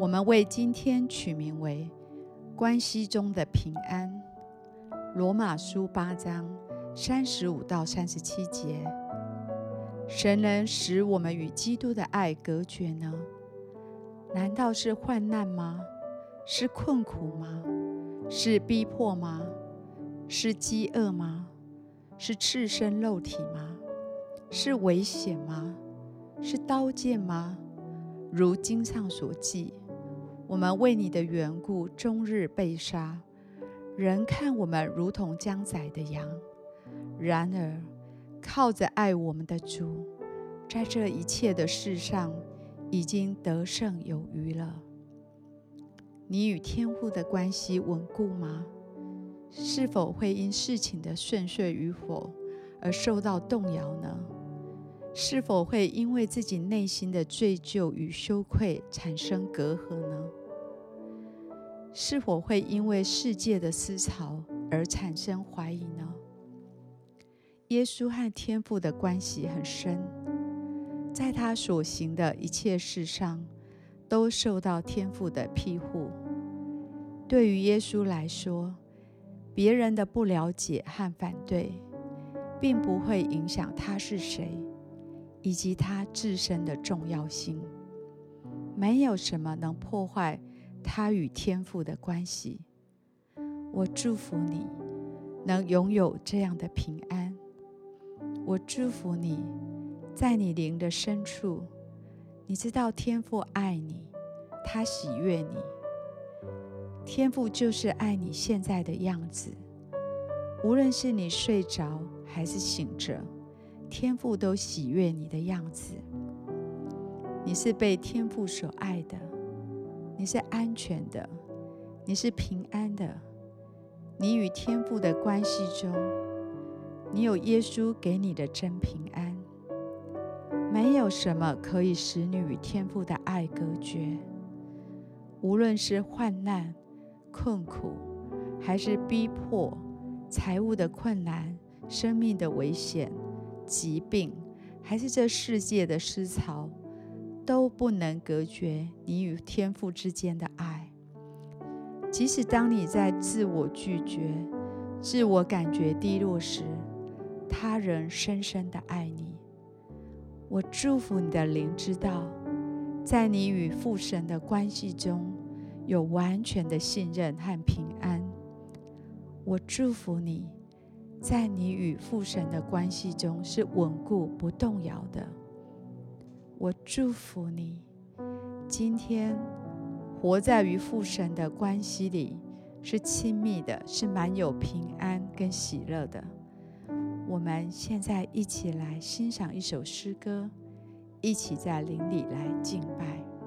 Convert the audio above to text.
我們為今天取名為“關係中的平安”。羅馬書八章三十五到三十七節：誰能使我們與基督的愛隔絕呢？難道是患難嗎？是困苦嗎？是逼迫嗎？是飢餓嗎？是赤身肉體嗎？是危險嗎？是刀劍嗎？如經上所記。我們為你的緣故終日被殺，人看我們如同將宰的羊。然而，靠着愛我們的主，在這一切的事上已經得勝有餘了。你與天父的關係穩固嗎？是否會因事情的順遂與否而受到動搖呢？是否會因為自己內心的罪疚與羞愧產生隔閡呢？是否會因為世界的思潮而產生懷疑呢？耶穌和天父的關係很深，在他所行的一切事上都受到天父的庇護。對於耶穌來說，別人的不了解和反對，並不會影響他是誰，以及他自身的重要性。沒有什麼能破壞。他與天父的關係，我祝福你能擁有這樣的平安。我祝福你，在你靈的深處，你知道天父愛你，他喜悅你。天父就是愛你現在的樣子，無論是你睡着還是醒着，天父都喜悅你的樣子。你是被天父所愛的。你是安全的，你是平安的。你與天父的關係中，你有耶穌給你的真平安。沒有什麼可以使你與天父的愛隔絕，無論是患難、困苦，還是逼迫；財務的困難、生命的危險、疾病，還是這世界的思潮。都不能隔絕你與天父之間的愛，即使當你在自我拒絕、自我感覺低落時，他仍深深的愛你。我祝福你的靈知道，在你與父神的關係中有完全的信任和平安。我祝福你在你與父神的關係中是穩固不動搖的。我祝福你，今天活在與父神的關係裡是親密的，是滿有平安跟喜樂的。我們現在一起來欣賞一首詩歌，一起在靈裡來敬拜。